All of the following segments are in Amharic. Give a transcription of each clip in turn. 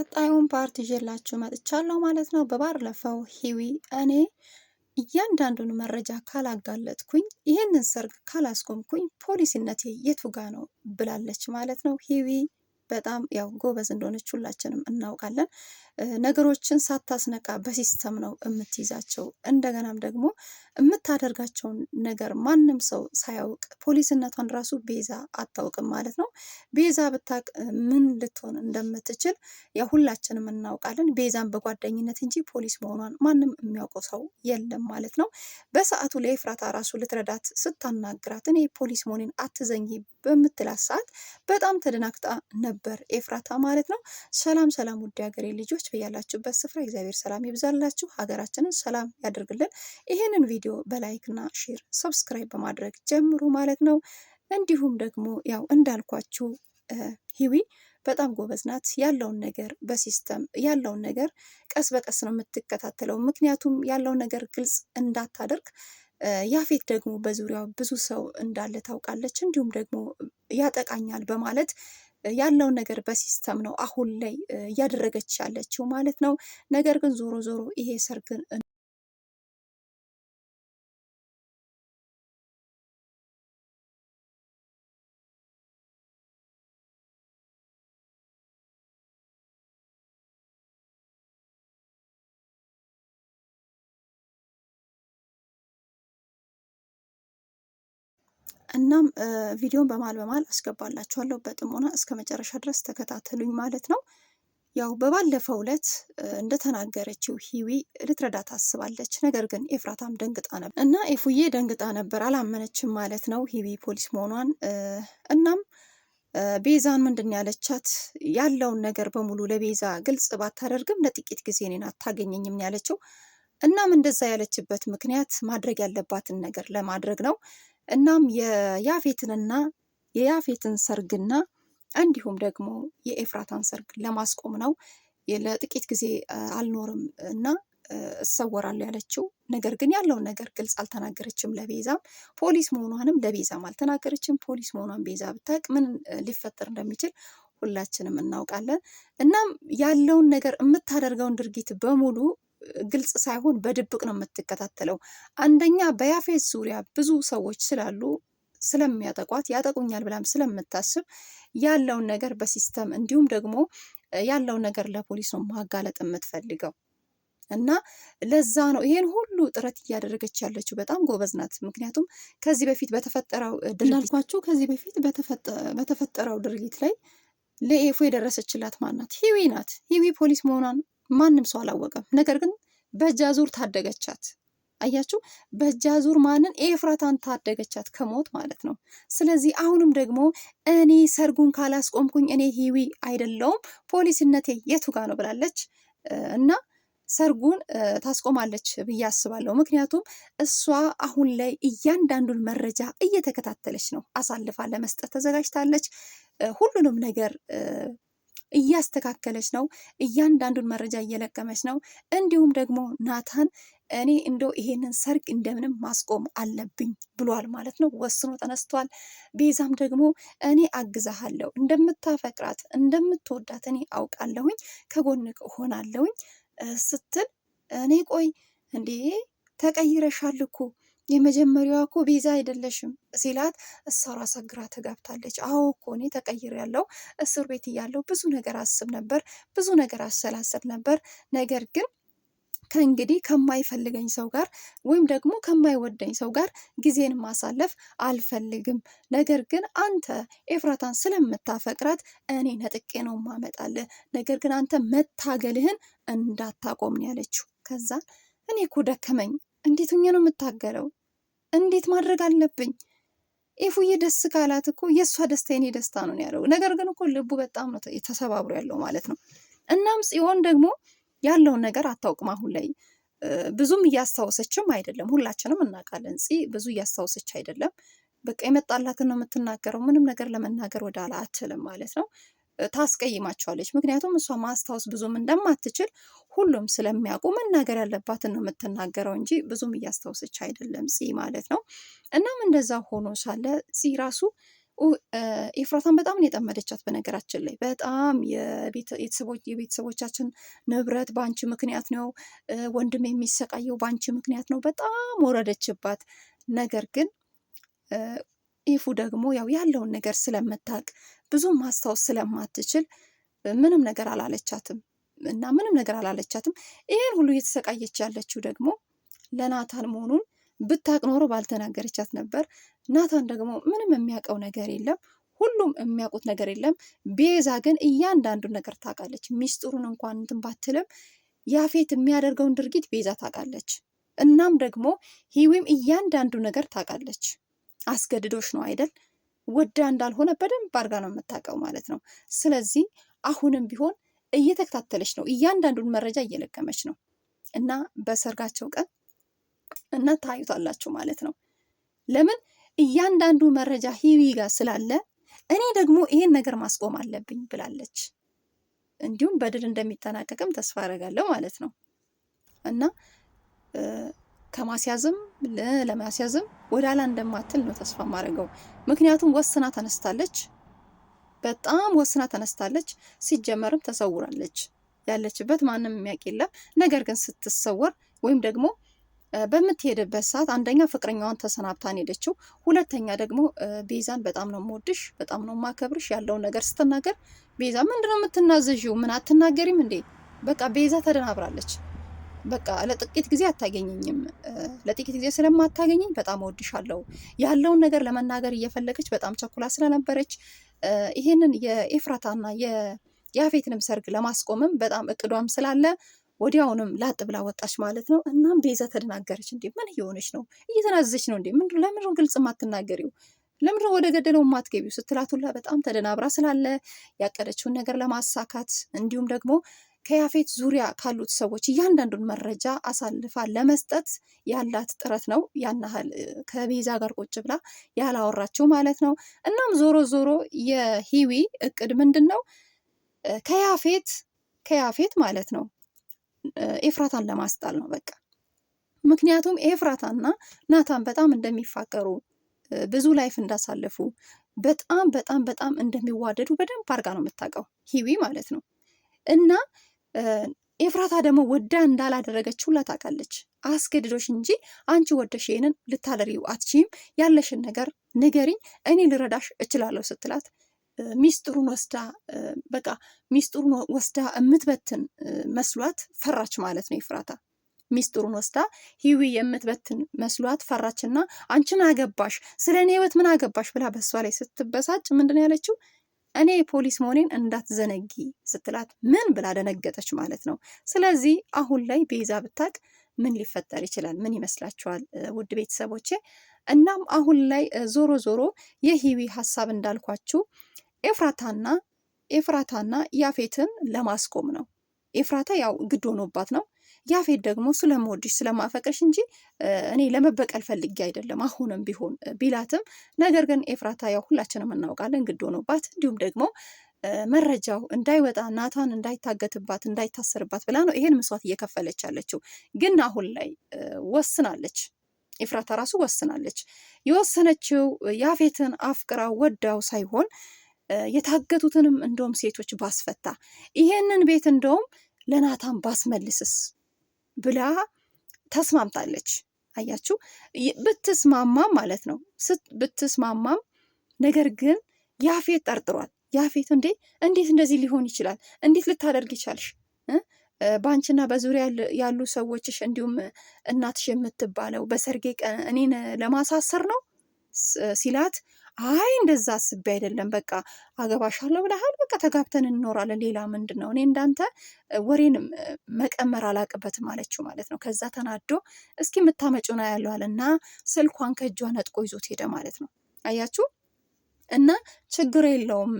ቀጣዩን ፓርት ይዤላችሁ መጥቻለሁ ማለት ነው። በባለፈው ሂዊ እኔ እያንዳንዱን መረጃ ካላጋለጥኩኝ ይህንን ሰርግ ካላስቆምኩኝ ፖሊሲነቴ የቱ ጋ ነው ብላለች ማለት ነው። ሂዊ በጣም ያው ጎበዝ እንደሆነች ሁላችንም እናውቃለን። ነገሮችን ሳታስነቃ በሲስተም ነው የምትይዛቸው። እንደገናም ደግሞ የምታደርጋቸውን ነገር ማንም ሰው ሳያውቅ ፖሊስነቷን ራሱ ቤዛ አታውቅም ማለት ነው። ቤዛ ብታቅ ምን ልትሆን እንደምትችል ያው ሁላችንም እናውቃለን። ቤዛን በጓደኝነት እንጂ ፖሊስ መሆኗን ማንም የሚያውቀው ሰው የለም ማለት ነው። በሰዓቱ ለኤፍራታ ራሱ ልትረዳት ስታናግራት እኔ ፖሊስ መሆኔን አትዘኝ በምትላት ሰዓት በጣም ተደናግጣ ነበር ኤፍራታ ማለት ነው። ሰላም ሰላም፣ ውድ ሀገሬ ልጆች ሁላችሁ ያላችሁበት ስፍራ እግዚአብሔር ሰላም ይብዛላችሁ፣ ሀገራችንን ሰላም ያደርግልን። ይህንን ቪዲዮ በላይክና ሼር ሰብስክራይብ በማድረግ ጀምሩ ማለት ነው። እንዲሁም ደግሞ ያው እንዳልኳችሁ ሂዊ በጣም ጎበዝ ናት። ያለውን ነገር በሲስተም ያለውን ነገር ቀስ በቀስ ነው የምትከታተለው። ምክንያቱም ያለውን ነገር ግልጽ እንዳታደርግ ያፌት ደግሞ በዙሪያው ብዙ ሰው እንዳለ ታውቃለች። እንዲሁም ደግሞ ያጠቃኛል በማለት ያለውን ነገር በሲስተም ነው አሁን ላይ እያደረገች ያለችው ማለት ነው። ነገር ግን ዞሮ ዞሮ ይሄ ሰርግን እናም ቪዲዮን በማል በማል አስገባላችኋለሁ በጥሞና እስከ መጨረሻ ድረስ ተከታተሉኝ ማለት ነው። ያው በባለፈው ዕለት እንደተናገረችው ሂዊ ልትረዳ ታስባለች። ነገር ግን ኤፍራታም ደንግጣ ነበር እና ኤፉዬ ደንግጣ ነበር፣ አላመነችም ማለት ነው ሂዊ ፖሊስ መሆኗን። እናም ቤዛን ምንድን ያለቻት ያለውን ነገር በሙሉ ለቤዛ ግልጽ ባታደርግም ለጥቂት ጊዜ እኔን አታገኘኝም ያለችው። እናም እንደዛ ያለችበት ምክንያት ማድረግ ያለባትን ነገር ለማድረግ ነው። እናም የያፌትንና የያፌትን ሰርግና እንዲሁም ደግሞ የኤፍራታን ሰርግ ለማስቆም ነው ለጥቂት ጊዜ አልኖርም እና እሰወራለሁ ያለችው። ነገር ግን ያለውን ነገር ግልጽ አልተናገረችም ለቤዛም። ፖሊስ መሆኗንም ለቤዛም አልተናገረችም። ፖሊስ መሆኗን ቤዛ ብታውቅ ምን ሊፈጠር እንደሚችል ሁላችንም እናውቃለን። እናም ያለውን ነገር የምታደርገውን ድርጊት በሙሉ ግልጽ ሳይሆን በድብቅ ነው የምትከታተለው። አንደኛ በያፌት ዙሪያ ብዙ ሰዎች ስላሉ ስለሚያጠቋት ያጠቁኛል ብላም ስለምታስብ ያለውን ነገር በሲስተም እንዲሁም ደግሞ ያለውን ነገር ለፖሊስ ነው ማጋለጥ የምትፈልገው እና ለዛ ነው ይሄን ሁሉ ጥረት እያደረገች ያለችው። በጣም ጎበዝ ናት። ምክንያቱም ከዚህ በፊት በተፈጠረው እንዳልኳቸው ከዚህ በፊት በተፈጠረው ድርጊት ላይ ለኤፎ የደረሰችላት ማናት ሂዊ ናት። ሂዊ ፖሊስ መሆኗን ማንም ሰው አላወቀም። ነገር ግን ዙር ታደገቻት። አያችሁ፣ ዙር ማንን? ኤፍራታን ታደገቻት ከሞት ማለት ነው። ስለዚህ አሁንም ደግሞ እኔ ሰርጉን ካላስቆምኩኝ እኔ ሂዊ አይደለውም ፖሊስነቴ የቱ ጋ ነው ብላለች እና ሰርጉን ታስቆማለች ብዬ አስባለሁ። ምክንያቱም እሷ አሁን ላይ እያንዳንዱን መረጃ እየተከታተለች ነው። አሳልፋ ለመስጠት ተዘጋጅታለች። ሁሉንም ነገር እያስተካከለች ነው፣ እያንዳንዱን መረጃ እየለቀመች ነው። እንዲሁም ደግሞ ናታን እኔ እንዶ ይሄንን ሰርግ እንደምንም ማስቆም አለብኝ ብሏል ማለት ነው። ወስኖ ተነስቷል። ቤዛም ደግሞ እኔ አግዛሃለሁ፣ እንደምታፈቅራት እንደምትወዳት እኔ አውቃለሁኝ፣ ከጎን እሆናለሁኝ ስትል እኔ ቆይ እንዴ ተቀይረሻል እኮ የመጀመሪያዋ እኮ ቤዛ አይደለሽም ሲላት እሷ ራሷ ግራ ተጋብታለች። አዎ እኮ እኔ ተቀይር ያለው እስር ቤት እያለው ብዙ ነገር አስብ ነበር፣ ብዙ ነገር አሰላሰል ነበር። ነገር ግን ከእንግዲህ ከማይፈልገኝ ሰው ጋር ወይም ደግሞ ከማይወደኝ ሰው ጋር ጊዜን ማሳለፍ አልፈልግም። ነገር ግን አንተ ኤፍራታን ስለምታፈቅራት እኔ ነጥቄ ነው ማመጣለ። ነገር ግን አንተ መታገልህን እንዳታቆምን ያለችው። ከዛ እኔ እኮ ደከመኝ፣ እንዴት ሆኜ ነው የምታገለው እንዴት ማድረግ አለብኝ? ኤፉዬ ደስ ካላት እኮ የእሷ ደስታ የኔ ደስታ ነው ያለው። ነገር ግን እኮ ልቡ በጣም ነው ተሰባብሮ ያለው ማለት ነው። እናም ጽዮን ደግሞ ያለውን ነገር አታውቅም። አሁን ላይ ብዙም እያስታወሰችም አይደለም። ሁላችንም እናውቃለን፣ ጽ ብዙ እያስታወሰች አይደለም። በቃ የመጣላትን ነው የምትናገረው። ምንም ነገር ለመናገር ወደ አላ አትልም ማለት ነው። ታስቀይማቸዋለች። ምክንያቱም እሷ ማስታወስ ብዙም እንደማትችል ሁሉም ስለሚያውቁ መናገር ያለባትን ነው የምትናገረው እንጂ ብዙም እያስታወሰች አይደለም ፂ ማለት ነው። እናም እንደዛ ሆኖ ሳለ ፂ ራሱ ኤፍራታን በጣም ነው የጠመደቻት። በነገራችን ላይ በጣም የቤተሰቦቻችን ንብረት በአንቺ ምክንያት ነው፣ ወንድም የሚሰቃየው በአንቺ ምክንያት ነው። በጣም ወረደችባት። ነገር ግን ኢፉ ደግሞ ያው ያለውን ነገር ስለምታውቅ ብዙ ማስታወስ ስለማትችል ምንም ነገር አላለቻትም እና ምንም ነገር አላለቻትም። ይሄን ሁሉ እየተሰቃየች ያለችው ደግሞ ለናታን መሆኑን ብታቅ ኖሮ ባልተናገረቻት ነበር። ናታን ደግሞ ምንም የሚያውቀው ነገር የለም። ሁሉም የሚያውቁት ነገር የለም። ቤዛ ግን እያንዳንዱን ነገር ታውቃለች። ሚስጥሩን እንኳን እንትን ባትልም ያፌት የሚያደርገውን ድርጊት ቤዛ ታውቃለች። እናም ደግሞ ሂዊም እያንዳንዱ ነገር ታውቃለች። አስገድዶች ነው አይደል? ወዳ እንዳልሆነ በደንብ አድርጋ ነው የምታውቀው ማለት ነው። ስለዚህ አሁንም ቢሆን እየተከታተለች ነው፣ እያንዳንዱን መረጃ እየለቀመች ነው እና በሰርጋቸው ቀን እና ታዩታላችሁ ማለት ነው። ለምን እያንዳንዱ መረጃ ሂዊ ጋር ስላለ እኔ ደግሞ ይሄን ነገር ማስቆም አለብኝ ብላለች። እንዲሁም በድል እንደሚጠናቀቅም ተስፋ አደርጋለሁ ማለት ነው እና ከማስያዝም ለማስያዝም ወደኋላ እንደማትል ነው ተስፋ የማደርገው። ምክንያቱም ወስና ተነስታለች፣ በጣም ወስና ተነስታለች። ሲጀመርም ተሰውራለች። ያለችበት ማንም የሚያውቅ የለም። ነገር ግን ስትሰወር ወይም ደግሞ በምትሄድበት ሰዓት አንደኛ ፍቅረኛዋን ተሰናብታን ሄደችው። ሁለተኛ ደግሞ ቤዛን በጣም ነው የምወድሽ፣ በጣም ነው የማከብርሽ ያለውን ነገር ስትናገር ቤዛ ምንድነው የምትናዘዥው? ምን አትናገሪም እንዴ? በቃ ቤዛ ተደናብራለች። በቃ ለጥቂት ጊዜ አታገኘኝም። ለጥቂት ጊዜ ስለማታገኘኝ በጣም እወድሻለሁ ያለውን ነገር ለመናገር እየፈለገች በጣም ቸኩላ ስለነበረች ይሄንን የኤፍራታና የያፌትንም ሰርግ ለማስቆምም በጣም እቅዷም ስላለ ወዲያውንም ላጥ ብላ ወጣች ማለት ነው። እናም ቤዛ ተደናገረች። እንዴ ምን እየሆነች ነው? እየተናዘች ነው እንዴ? ምንድን ለምንድን ግልጽ የማትናገሪው ለምንድን ወደ ገደለው ማትገቢው ስትላቱላ በጣም ተደናብራ ስላለ ያቀደችውን ነገር ለማሳካት እንዲሁም ደግሞ ከያፌት ዙሪያ ካሉት ሰዎች እያንዳንዱን መረጃ አሳልፋ ለመስጠት ያላት ጥረት ነው። ያን ያህል ከቤዛ ጋር ቁጭ ብላ ያላወራችው ማለት ነው። እናም ዞሮ ዞሮ የሂዊ እቅድ ምንድን ነው? ከያፌት ከያፌት ማለት ነው ኤፍራታን ለማስጣል ነው በቃ። ምክንያቱም ኤፍራታና ናታን በጣም እንደሚፋቀሩ ብዙ ላይፍ እንዳሳለፉ በጣም በጣም በጣም እንደሚዋደዱ በደንብ አድርጋ ነው የምታውቀው ሂዊ ማለት ነው እና ኤፍራታ ደግሞ ወዳ እንዳላደረገችው ሁላ አስገድዶሽ እንጂ አንቺ ወደሽ ይህንን ልታደርጊው አትችይም፣ ያለሽን ነገር ንገሪኝ፣ እኔ ልረዳሽ እችላለሁ ስትላት ሚስጥሩን ወስዳ በቃ ሚስጥሩን ወስዳ የምትበትን መስሏት ፈራች ማለት ነው። ኤፍራታ ሚስጥሩን ወስዳ ሂዊ የምትበትን መስሏት ፈራችና አንቺ ምን አገባሽ፣ ስለ እኔ ህይወት ምን አገባሽ ብላ በሷ ላይ ስትበሳጭ ምንድን ነው ያለችው? እኔ የፖሊስ መሆኔን እንዳትዘነጊ ስትላት ምን ብላ ደነገጠች ማለት ነው። ስለዚህ አሁን ላይ ቤዛ ብታቅ ምን ሊፈጠር ይችላል? ምን ይመስላችኋል ውድ ቤተሰቦቼ? እናም አሁን ላይ ዞሮ ዞሮ የሂዊ ሀሳብ እንዳልኳችሁ ኤፍራታና ኤፍራታና ያፌትን ለማስቆም ነው። ኤፍራታ ያው ግድ ሆኖባት ነው ያፌት ደግሞ ስለምወድሽ ስለማፈቀሽ እንጂ እኔ ለመበቀል ፈልጌ አይደለም አሁንም ቢሆን ቢላትም፣ ነገር ግን ኤፍራታ ያው ሁላችንም እናውቃለን ግድ ሆኖባት እንዲሁም ደግሞ መረጃው እንዳይወጣ ናታን እንዳይታገትባት እንዳይታሰርባት ብላ ነው ይሄን መስዋዕት እየከፈለች ያለችው። ግን አሁን ላይ ወስናለች። ኤፍራታ ራሱ ወስናለች። የወሰነችው ያፌትን አፍቅራ ወዳው ሳይሆን የታገቱትንም እንደውም ሴቶች ባስፈታ ይሄንን ቤት እንደውም ለናታን ባስመልስስ ብላ ተስማምታለች። አያችሁ ብትስማማም ማለት ነው ብትስማማም፣ ነገር ግን ያፌት ጠርጥሯል። ያፌት እንዴ እንዴት እንደዚህ ሊሆን ይችላል? እንዴት ልታደርግ ይቻልሽ? በአንቺና በዙሪያ ያሉ ሰዎችሽ እንዲሁም እናትሽ የምትባለው በሰርጌ ቀን እኔን ለማሳሰር ነው ሲላት አይ እንደዛ አስቤ አይደለም፣ በቃ አገባሻለሁ ብለሃል፣ በቃ ተጋብተን እንኖራለን፣ ሌላ ምንድን ነው? እኔ እንዳንተ ወሬን መቀመር አላቅበትም አለችው ማለት ነው። ከዛ ተናዶ እስኪ የምታመጪው ና ያለዋል እና ስልኳን ከእጇ ነጥቆ ይዞት ሄደ ማለት ነው። አያችሁ እና ችግር የለውም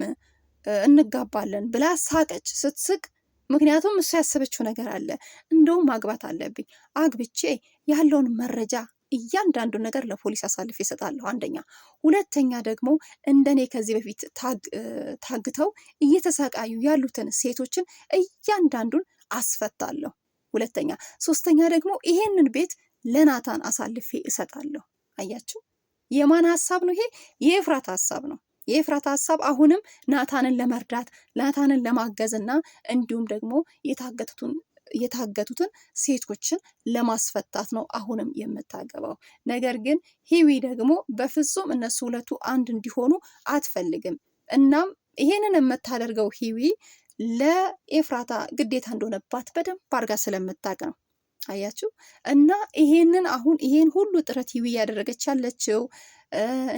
እንጋባለን ብላ ሳቀች። ስትስቅ ምክንያቱም እሱ ያሰበችው ነገር አለ። እንደውም ማግባት አለብኝ አግብቼ ያለውን መረጃ እያንዳንዱ ነገር ለፖሊስ አሳልፌ እሰጣለሁ። አንደኛ፣ ሁለተኛ ደግሞ እንደኔ ከዚህ በፊት ታግተው እየተሰቃዩ ያሉትን ሴቶችን እያንዳንዱን አስፈታለሁ። ሁለተኛ፣ ሶስተኛ ደግሞ ይሄንን ቤት ለናታን አሳልፌ እሰጣለሁ። አያችሁ፣ የማን ሀሳብ ነው ይሄ? የኤፍራት ሀሳብ ነው። የፍራት ሀሳብ አሁንም ናታንን ለመርዳት ናታንን ለማገዝ እና እንዲሁም ደግሞ የታገቱትን የታገቱትን ሴቶችን ለማስፈታት ነው አሁንም የምታገባው። ነገር ግን ሂዊ ደግሞ በፍጹም እነሱ ሁለቱ አንድ እንዲሆኑ አትፈልግም። እናም ይሄንን የምታደርገው ሂዊ ለኤፍራታ ግዴታ እንደሆነባት በደንብ አድርጋ ስለምታውቅ ነው። አያችሁ እና ይሄንን አሁን ይሄን ሁሉ ጥረት ሂዊ እያደረገች ያለችው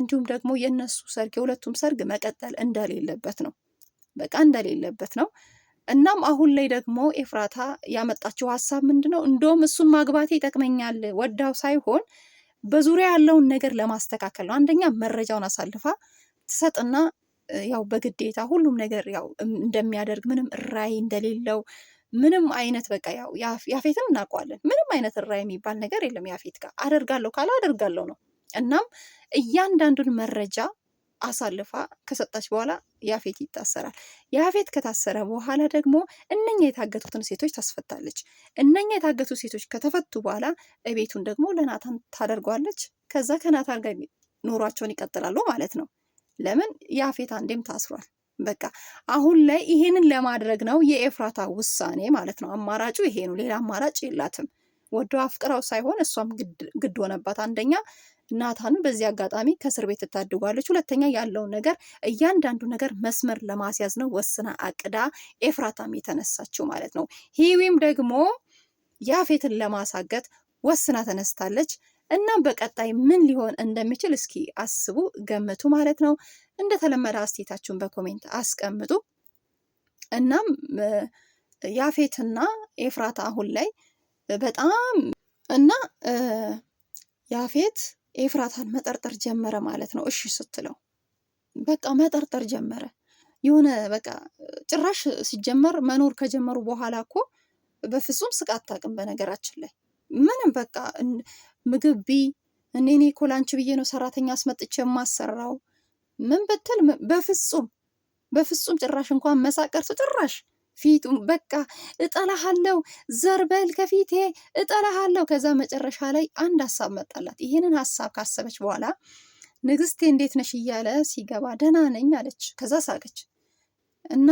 እንዲሁም ደግሞ የእነሱ ሰርግ የሁለቱም ሰርግ መቀጠል እንደሌለበት ነው። በቃ እንደሌለበት ነው። እናም አሁን ላይ ደግሞ ኤፍራታ ያመጣችው ሀሳብ ምንድን ነው? እንደውም እሱን ማግባቴ ይጠቅመኛል ወዳው ሳይሆን በዙሪያ ያለውን ነገር ለማስተካከል ነው። አንደኛ መረጃውን አሳልፋ ትሰጥና ያው በግዴታ ሁሉም ነገር ያው እንደሚያደርግ ምንም ራይ እንደሌለው ምንም አይነት በቃ ያው ያፌትም እናውቀዋለን። ምንም አይነት ራይ የሚባል ነገር የለም ያፌት ጋር አደርጋለሁ ካለ አደርጋለሁ ነው። እናም እያንዳንዱን መረጃ አሳልፋ ከሰጣች በኋላ ያፌት ይታሰራል። ያፌት ከታሰረ በኋላ ደግሞ እነኛ የታገቱትን ሴቶች ታስፈታለች። እነኛ የታገቱ ሴቶች ከተፈቱ በኋላ እቤቱን ደግሞ ለናታን ታደርጓለች። ከዛ ከናታን ጋር ኑሯቸውን ይቀጥላሉ ማለት ነው። ለምን ያፌት አንዴም ታስሯል። በቃ አሁን ላይ ይሄንን ለማድረግ ነው የኤፍራታ ውሳኔ ማለት ነው። አማራጩ ይሄ ነው። ሌላ አማራጭ የላትም። ወደው አፍቅራው ሳይሆን እሷም ግድ ሆነባት። አንደኛ ናታንም በዚህ አጋጣሚ ከእስር ቤት ትታድጓለች። ሁለተኛ ያለውን ነገር እያንዳንዱ ነገር መስመር ለማስያዝ ነው ወስና አቅዳ ኤፍራታም የተነሳችው ማለት ነው። ሂዊም ደግሞ ያፌትን ለማሳገት ወስና ተነስታለች። እናም በቀጣይ ምን ሊሆን እንደሚችል እስኪ አስቡ ገምቱ ማለት ነው። እንደተለመደ አስቴታችሁን በኮሜንት አስቀምጡ። እናም ያፌትና ኤፍራታ አሁን ላይ በጣም እና ያፌት ኤፍራታን መጠርጠር ጀመረ ማለት ነው። እሺ ስትለው በቃ መጠርጠር ጀመረ። የሆነ በቃ ጭራሽ ሲጀመር መኖር ከጀመሩ በኋላ እኮ በፍጹም ስቃ አታውቅም። በነገራችን ላይ ምንም በቃ ምግብ ቢ እኔ እኔ እኮ ላንቺ ብዬ ነው ሰራተኛ አስመጥቼ የማሰራው ምን ብትል በፍጹም በፍጹም ጭራሽ እንኳን መሳቀርቱ ጭራሽ ፊቱ በቃ እጠላሃለው፣ ዘርበል ከፊቴ እጠላሃለው። ከዛ መጨረሻ ላይ አንድ ሀሳብ መጣላት። ይህንን ሀሳብ ካሰበች በኋላ ንግስቴ እንዴት ነሽ እያለ ሲገባ ደህና ነኝ አለች። ከዛ ሳቀች እና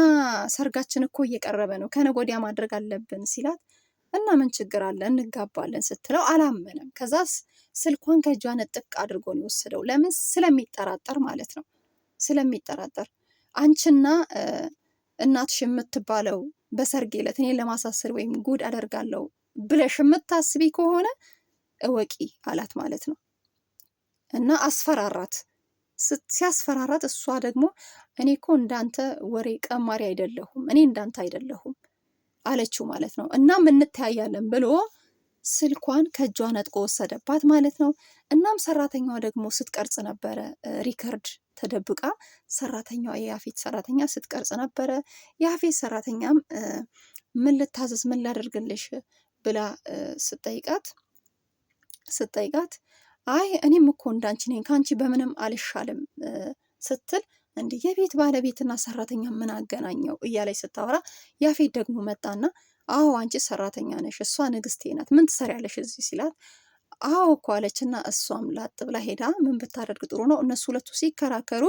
ሰርጋችን እኮ እየቀረበ ነው፣ ከነጎዲያ ማድረግ አለብን ሲላት እና ምን ችግር አለ እንጋባለን ስትለው አላመነም። ከዛ ስልኳን ከእጇ ነጥቅ አድርጎ ነው የወሰደው። ለምን? ስለሚጠራጠር ማለት ነው። ስለሚጠራጠር አንቺና እናትሽ የምትባለው በሰርግ ዕለት እኔን ለማሳሰር ወይም ጉድ አደርጋለሁ ብለሽ የምታስቢ ከሆነ እወቂ አላት ማለት ነው። እና አስፈራራት። ሲያስፈራራት እሷ ደግሞ እኔ እኮ እንዳንተ ወሬ ቀማሪ አይደለሁም፣ እኔ እንዳንተ አይደለሁም አለችው ማለት ነው። እናም እንተያያለን ብሎ ስልኳን ከእጇ ነጥቆ ወሰደባት ማለት ነው። እናም ሰራተኛዋ ደግሞ ስትቀርጽ ነበረ ሪከርድ ተደብቃ ሰራተኛዋ የያፌት ሰራተኛ ስትቀርጽ ነበረ። የያፌት ሰራተኛም ምን ልታዘዝ፣ ምን ላደርግልሽ ብላ ስጠይቃት ስጠይቃት አይ እኔም እኮ እንዳንቺ ነኝ ከአንቺ በምንም አልሻልም ስትል እንዲህ የቤት ባለቤትና ሰራተኛ ምን አገናኘው እያለች ስታወራ ያፌት ደግሞ መጣና አዎ አንቺ ሰራተኛ ነሽ፣ እሷ ንግስቴ ናት፣ ምን ትሰሪያለሽ እዚህ ሲላት አዎ እኮ እና እሷም ላጥ ብላ ሄዳ ምን ብታደርግ ጥሩ ነው? እነሱ ሁለቱ ሲከራከሩ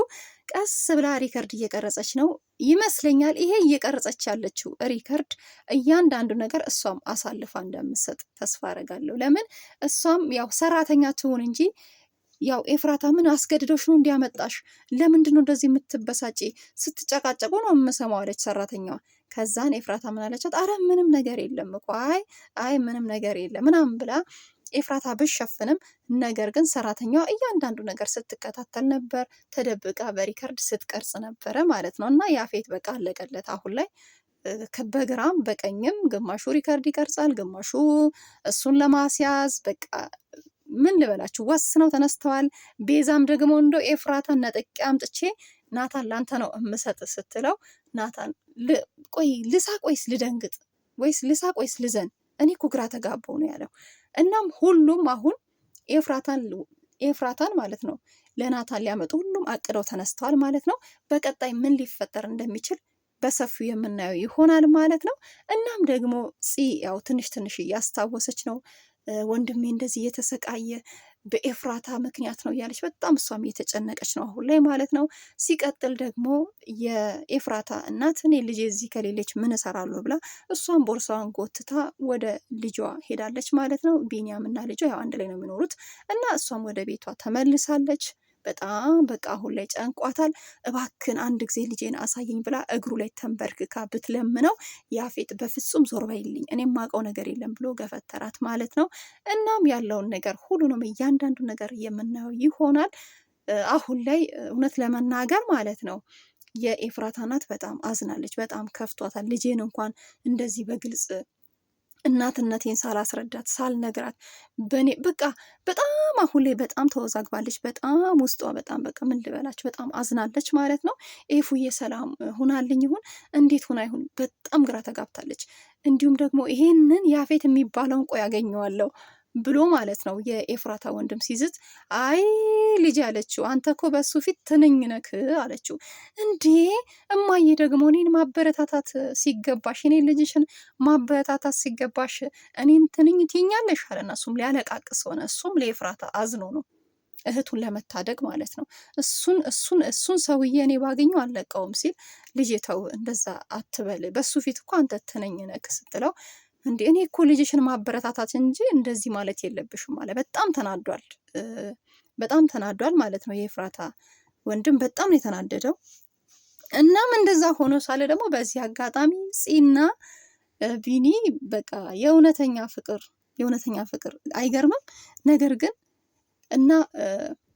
ቀስ ብላ ሪከርድ እየቀረጸች ነው ይመስለኛል። ይሄ እየቀረጸች ያለችው ሪከርድ እያንዳንዱ ነገር እሷም አሳልፋ እንደምሰጥ ተስፋ አረጋለሁ። ለምን እሷም ያው ሰራተኛ ትሁን እንጂ ያው ኤፍራታ ምን አስገድዶሽ ነው እንዲያመጣሽ? ለምንድን ነው እንደዚህ የምትበሳጪ? ስትጨቃጨቁ ነው የምሰማው አለች ሰራተኛዋ። ከዛን ኤፍራታ ምን አለቻት? አረ ምንም ነገር የለም እኮ አይ አይ ምንም ነገር የለም ምናምን ብላ ኤፍራታ ብሸፍንም ነገር ግን ሰራተኛዋ እያንዳንዱ ነገር ስትከታተል ነበር። ተደብቃ በሪከርድ ስትቀርጽ ነበረ ማለት ነው። እና ያፌት በቃ አለቀለት አሁን ላይ በግራም በቀኝም ግማሹ ሪከርድ ይቀርጻል፣ ግማሹ እሱን ለማስያዝ በቃ ምን ልበላችሁ ወስነው ተነስተዋል። ቤዛም ደግሞ እንደው ኤፍራታ ነጥቄ አምጥቼ ናታን ላንተ ነው እምሰጥ ስትለው ናታን ቆይ ልሳቅ ወይስ ልደንግጥ ወይስ ልሳቅ ወይስ ልዘን እኔ እኮ ግራ ተጋባው ነው ያለው። እናም ሁሉም አሁን ኤፍራታን ኤፍራታን ማለት ነው ለናታን ሊያመጡ ሁሉም አቅደው ተነስተዋል ማለት ነው። በቀጣይ ምን ሊፈጠር እንደሚችል በሰፊው የምናየው ይሆናል ማለት ነው። እናም ደግሞ ፂ ያው ትንሽ ትንሽ እያስታወሰች ነው ወንድሜ እንደዚህ እየተሰቃየ በኤፍራታ ምክንያት ነው እያለች በጣም እሷም እየተጨነቀች ነው አሁን ላይ ማለት ነው። ሲቀጥል ደግሞ የኤፍራታ እናት እኔ ልጄ እዚህ ከሌለች ምን እሰራለሁ ብላ እሷን ቦርሳዋን ጎትታ ወደ ልጇ ሄዳለች ማለት ነው። ቢኒያም እና ልጇ ያው አንድ ላይ ነው የሚኖሩት እና እሷም ወደ ቤቷ ተመልሳለች። በጣም በቃ አሁን ላይ ጨንቋታል። እባክን አንድ ጊዜ ልጄን አሳየኝ ብላ እግሩ ላይ ተንበርክካ ብትለምነው ያፌት በፍጹም ዞር በይልኝ እኔ የማውቀው ነገር የለም ብሎ ገፈተራት ማለት ነው። እናም ያለውን ነገር ሁሉንም እያንዳንዱ ነገር የምናየው ይሆናል። አሁን ላይ እውነት ለመናገር ማለት ነው የኤፍራታ እናት በጣም አዝናለች፣ በጣም ከፍቷታል። ልጄን እንኳን እንደዚህ በግልጽ እናትነቴን ሳላስረዳት ሳልነግራት በእኔ በቃ በጣም አሁን ላይ በጣም ተወዛግባለች። በጣም ውስጧ በጣም በቃ ምን በጣም አዝናለች ማለት ነው። ኤፉዬ ሰላም ሁናልኝ ይሁን እንዴት ሁና ይሁን በጣም ግራ ተጋብታለች። እንዲሁም ደግሞ ይሄንን ያፌት የሚባለውን ቆይ ያገኘዋለሁ ብሎ ማለት ነው የኤፍራታ ወንድም ሲዝት፣ አይ ልጅ አለችው፣ አንተ እኮ በሱ ፊት ትንኝ ነክ አለችው። እንዴ እማዬ ደግሞ እኔን ማበረታታት ሲገባሽ፣ እኔን ልጅሽን ማበረታታት ሲገባሽ እኔን ትንኝ ትኛለሽ አለና እሱም ሊያለቃቅስ ሆነ። እሱም ለኤፍራታ አዝኖ ነው እህቱን ለመታደግ ማለት ነው። እሱን እሱን እሱን ሰውዬ እኔ ባገኙ አልለቀውም ሲል ልጅ ተው እንደዛ አትበል፣ በሱ ፊት እኮ አንተ ትንኝ ነክ ስትለው እንዴ እኔ እኮ ልጅሽን ማበረታታት እንጂ እንደዚህ ማለት የለብሽም አለ። በጣም ተናዷል፣ በጣም ተናዷል ማለት ነው። የፍራታ ወንድም በጣም ነው የተናደደው። እናም እንደዛ ሆኖ ሳለ ደግሞ በዚህ አጋጣሚ ጺና ቢኒ በቃ የእውነተኛ ፍቅር የእውነተኛ ፍቅር አይገርምም። ነገር ግን እና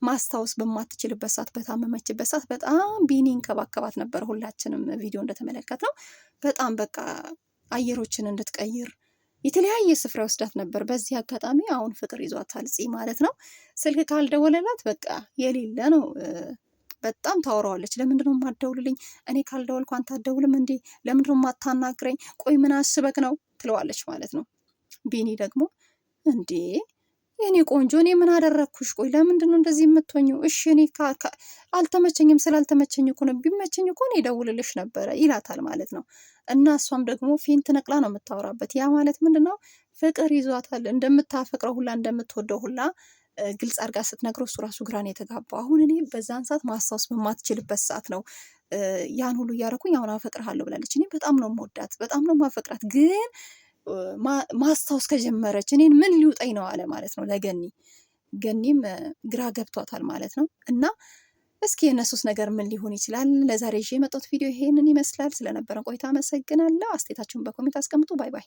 ማስታወስ በማትችልበት ሰዓት በታመመችበት ሰዓት በጣም ቢኒ እንከባከባት ነበር። ሁላችንም ቪዲዮ እንደተመለከት ነው በጣም በቃ አየሮችን እንድትቀይር የተለያየ ስፍራ ወስዳት ነበር። በዚህ አጋጣሚ አሁን ፍቅር ይዟታል ፂ ማለት ነው። ስልክ ካልደወለላት በቃ የሌለ ነው። በጣም ታወራዋለች። ለምንድነው የማትደውልልኝ? እኔ ካልደወልኩ አንተ አትደውልም እንዴ? ለምንድነው የማታናግረኝ? ቆይ ምን አስበክ ነው ትለዋለች ማለት ነው። ቢኒ ደግሞ እንዴ የኔ ቆንጆ እኔ ምን አደረግኩሽ? ቆይ ለምንድን ነው እንደዚህ የምትሆኝው? እሺ እኔ አልተመቸኝም ስላልተመቸኝ እኮ ነው፣ ቢመቸኝ እኮ እኔ ደውልልሽ ነበረ ይላታል ማለት ነው። እና እሷም ደግሞ ፌንት ነቅላ ነው የምታወራበት። ያ ማለት ምንድን ነው ፍቅር ይዟታል። እንደምታፈቅረው ሁላ እንደምትወደው ሁላ ግልጽ አድርጋ ስትነግረው እሱ ራሱ ግራን የተጋባው። አሁን እኔ በዛን ሰዓት ማስታወስ በማትችልበት ሰዓት ነው ያን ሁሉ እያደረኩኝ አሁን አፈቅርሃለሁ ብላለች። እኔ በጣም ነው የምወዳት፣ በጣም ነው የማፈቅራት ግን ማስታወስ ከጀመረች እኔን ምን ሊውጠኝ ነው አለ ማለት ነው ለገኒ። ገኒም ግራ ገብቷታል ማለት ነው። እና እስኪ የእነሱስ ነገር ምን ሊሆን ይችላል? ለዛሬ ይዤ የመጣሁት ቪዲዮ ይሄንን ይመስላል። ስለነበረን ቆይታ አመሰግናለሁ። አስተያየታችሁን በኮሜንት አስቀምጡ። ባይ ባይ።